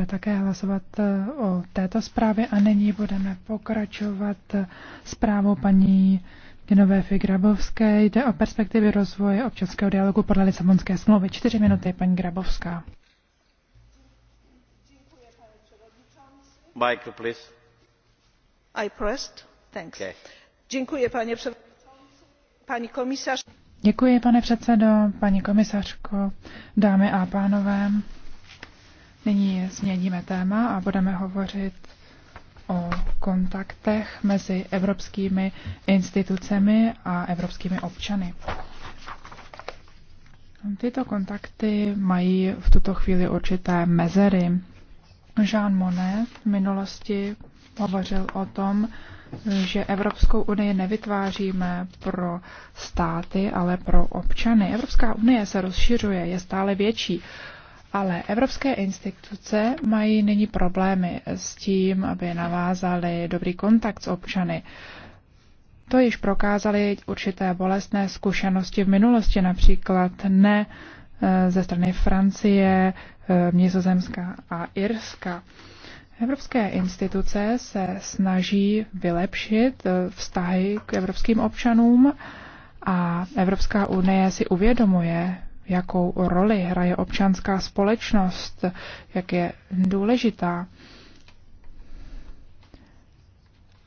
bude také hlasovat eh, o této zprávě a nyní budeme pokračovat eh, zprávou paní Genové Grabovské. Jde o perspektivy rozvoje občanského dialogu podle Lisabonské smlouvy. Čtyři minuty, paní Grabovská. Michael, please. I pressed. Thanks. Okay. Děkuji, pane předsedající. paní komisař. Děkuji, pane předsedo, paní komisařko, dámy a pánové. Nyní změníme téma a budeme hovořit o kontaktech mezi evropskými institucemi a evropskými občany. Tyto kontakty mají v tuto chvíli určité mezery. Jean Monnet v minulosti hovořil o tom, že Evropskou unii nevytváříme pro státy, ale pro občany. Evropská unie se rozšiřuje, je stále větší. Ale evropské instituce mají nyní problémy s tím, aby navázali dobrý kontakt s občany. To již prokázali určité bolestné zkušenosti v minulosti, například ne eh, ze strany Francie, eh, Nizozemska a Irska. Evropské instituce se snaží vylepšit eh, vztahy k evropským občanům a Evropská unie si uvědomuje jakou roli hraje občanská společnost, jak je důležitá.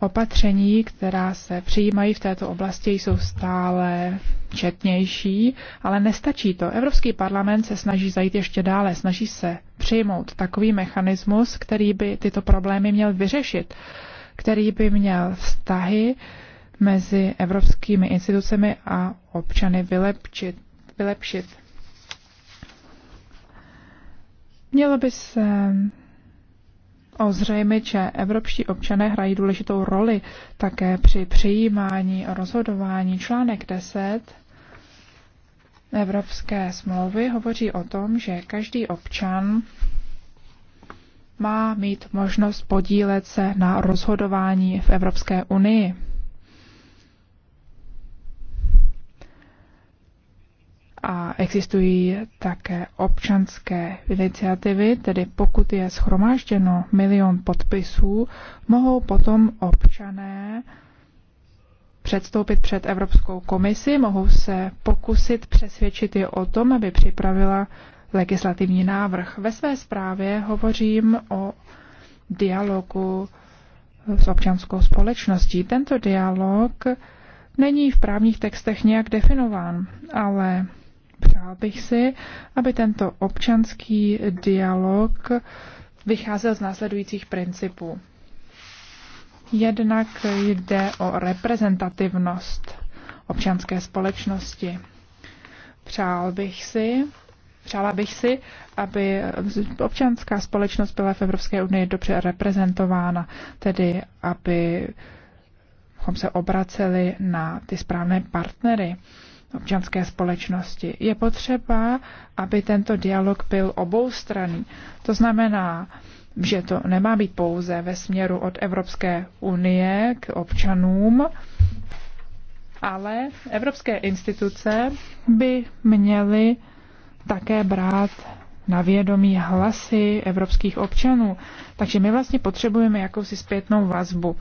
Opatření, která se přijímají v této oblasti, jsou stále četnější, ale nestačí to. Evropský parlament se snaží zajít ještě dále, snaží se přijmout takový mechanismus, který by tyto problémy měl vyřešit, který by měl vztahy mezi evropskými institucemi a občany vylepčit. vylepšit. Mělo by se ozřejmit, že evropští občané hrají důležitou roli také při přijímání a rozhodování. Článek 10 Evropské smlouvy hovoří o tom, že každý občan má mít možnost podílet se na rozhodování v Evropské unii. a existují také občanské iniciativy, tedy pokud je schromážděno milion podpisů, mohou potom občané předstoupit před Evropskou komisi, mohou se pokusit přesvědčit je o tom, aby připravila legislativní návrh. Ve své zprávě hovořím o dialogu s občanskou společností. Tento dialog není v právních textech nějak definován, ale Přál bych si, aby tento občanský dialog vycházel z následujících principů. Jednak jde o reprezentativnost občanské společnosti. Přál bych si, přála bych si, aby občanská společnost byla v Evropské unii dobře reprezentována, tedy aby se obraceli na ty správné partnery občanské společnosti. Je potřeba, aby tento dialog byl oboustranný. To znamená, že to nemá být pouze ve směru od Evropské unie k občanům, ale evropské instituce by měly také brát na vědomí hlasy evropských občanů. Takže my vlastně potřebujeme jakousi zpětnou vazbu.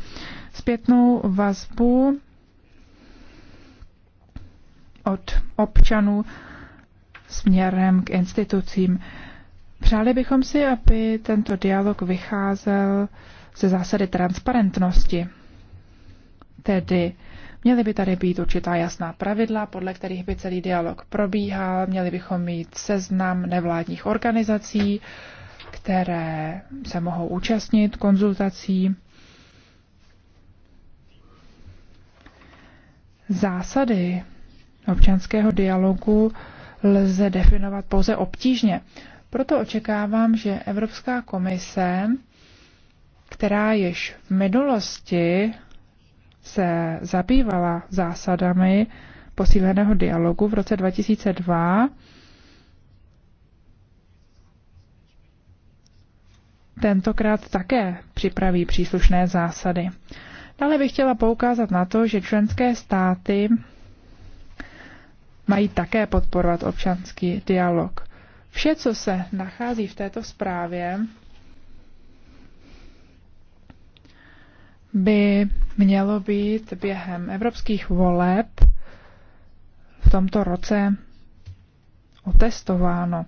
Zpětnou vazbu od občanů směrem k institucím. Přáli bychom si, aby tento dialog vycházel ze zásady transparentnosti. Tedy měly by tady být určitá jasná pravidla, podle kterých by celý dialog probíhal, měli bychom mít seznam nevládních organizací, které se mohou účastnit konzultací. Zásady občanského dialogu lze definovat pouze obtížně. Proto očekávám, že Evropská komise, která již v minulosti se zabývala zásadami posíleného dialogu v roce 2002, tentokrát také připraví příslušné zásady. Dále bych chtěla poukázat na to, že členské státy mají také podporovat občanský dialog. Vše, co se nachází v této zprávě, by mělo být během evropských voleb v tomto roce otestováno.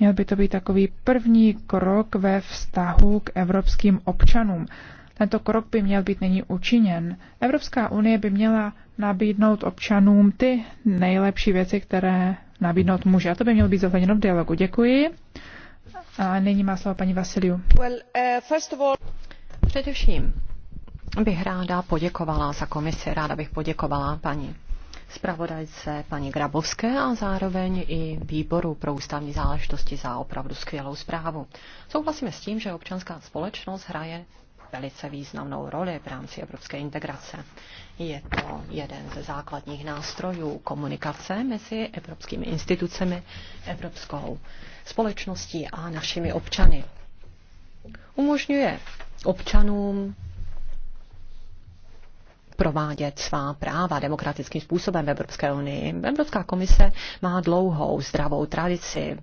Měl by to být takový první krok ve vztahu k evropským občanům. Tento krok by měl být nyní učiněn. Evropská unie by měla nabídnout občanům ty nejlepší věci, které nabídnout může. A to by mělo být zohledněno v dialogu. Děkuji. A nyní má slovo paní Vasiliu. Well, uh, all... Především bych ráda poděkovala za komisi, ráda bych poděkovala paní zpravodajce paní Grabovské a zároveň i výboru pro ústavní záležitosti za opravdu skvělou zprávu. Souhlasíme s tím, že občanská společnost hraje velice významnou roli v rámci evropské integrace. Je to jeden ze základních nástrojů komunikace mezi evropskými institucemi, evropskou společností a našimi občany. Umožňuje občanům provádět svá práva demokratickým způsobem v Evropské unii. Evropská komise má dlouhou zdravou tradici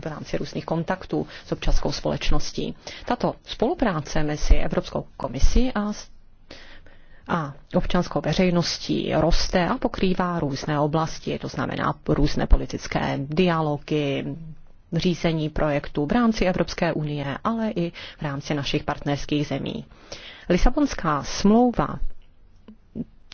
v rámci různých kontaktů s občanskou společností. Tato spolupráce mezi Evropskou komisí a a občanskou veřejností roste a pokrývá různé oblasti, to znamená různé politické dialogy, řízení projektů v rámci Evropské unie, ale i v rámci našich partnerských zemí. Lisabonská smlouva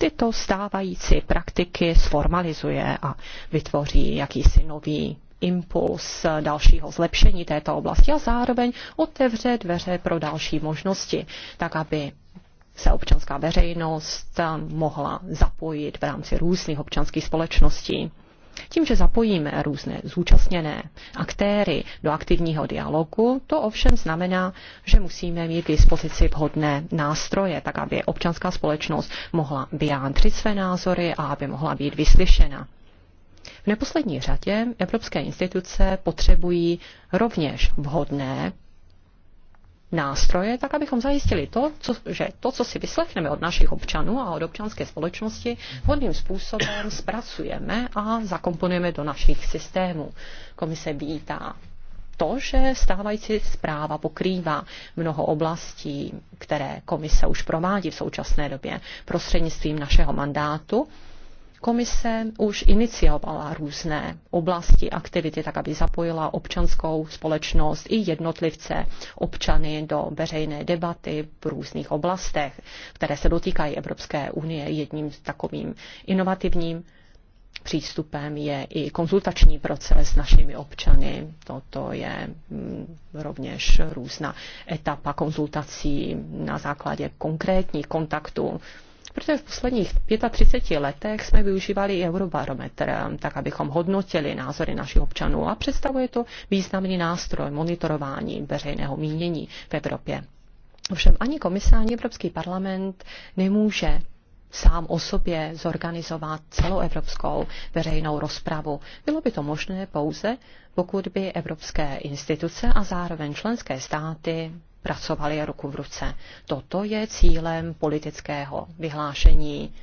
tyto stávající praktiky sformalizuje a vytvoří jakýsi nový impuls dalšího zlepšení této oblasti a zároveň otevře dveře pro další možnosti, tak aby se občanská veřejnost mohla zapojit v rámci různých občanských společností. Tím, že zapojíme různé zúčastněné aktéry do aktivního dialogu, to ovšem znamená, že musíme mít k dispozici vhodné nástroje, tak aby občanská společnost mohla vyjádřit své názory a aby mohla být vyslyšena. V neposlední řadě evropské instituce potřebují rovněž vhodné nástroje, tak abychom zajistili to, co, že to, co si vyslechneme od našich občanů a od občanské společnosti, vhodným způsobem zpracujeme a zakomponujeme do našich systémů. Komise vítá to, že stávající zpráva pokrývá mnoho oblastí, které komise už provádí v současné době prostřednictvím našeho mandátu Komise už iniciovala různé oblasti aktivity, tak aby zapojila občanskou společnost i jednotlivce, občany do veřejné debaty v různých oblastech, které se dotýkají Evropské unie. Jedním z takovým inovativním přístupem je i konzultační proces s našimi občany. Toto je mm, rovněž různá etapa konzultací na základě konkrétních kontaktů Protože v posledních 35 letech jsme využívali eurobarometr, tak abychom hodnotili názory našich občanů a představuje to významný nástroj monitorování veřejného mínění v Evropě. Ovšem ani komise, ani Evropský parlament nemůže sám o sobě zorganizovat celoevropskou veřejnou rozpravu. Bylo by to možné pouze, pokud by evropské instituce a zároveň členské státy pracovali ruku v ruce. Toto je cílem politického vyhlášení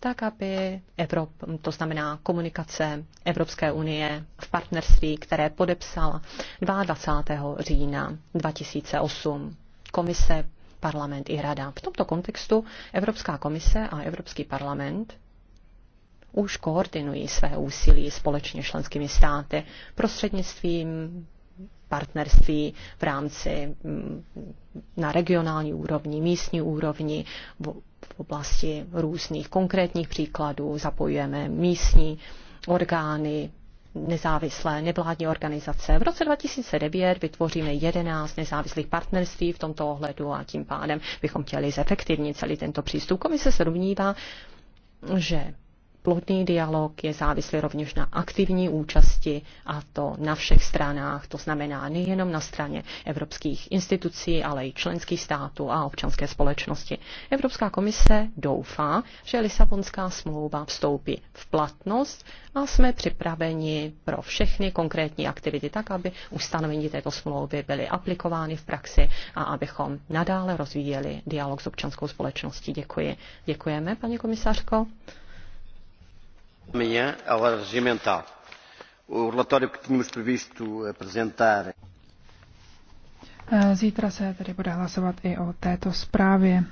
tak, aby Evrop, to znamená komunikace Evropské unie v partnerství, které podepsala 22. října 2008. Komise parlament i rada. V tomto kontextu Evropská komise a Evropský parlament už koordinují své úsilí společně členskými státy prostřednictvím partnerství v rámci mm, na regionální úrovni, místní úrovni, v oblasti různých konkrétních příkladů zapojujeme místní orgány, nezávislé nevládní organizace. V roce 2009 vytvoříme 11 nezávislých partnerství v tomto ohledu a tím pádem bychom chtěli zefektivnit celý tento přístup. Komise se domnívá, že plodný dialog je závislý rovněž na aktivní účasti a to na všech stranách, to znamená nejenom na straně evropských institucí, ale i členských států a občanské společnosti. Evropská komise doufá, že Lisabonská smlouva vstoupí v platnost a jsme připraveni pro všechny konkrétní aktivity tak, aby ustanovení této smlouvy byly aplikovány v praxi a abychom nadále rozvíjeli dialog s občanskou společností. Děkuji. Děkujeme, paní komisařko. Amanhã, a hora regimental. O relatório que tínhamos previsto apresentar. Eh, zítra se tedy bude hlasovat i o této zprávě.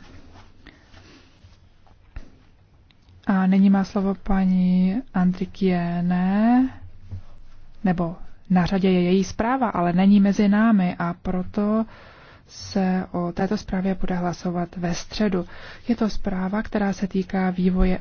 A nyní má slovo paní Andrikiene, nebo na řadě je její zpráva, ale není mezi námi a proto se o této zprávě bude hlasovat ve středu. Je to zpráva, která se týká vývoje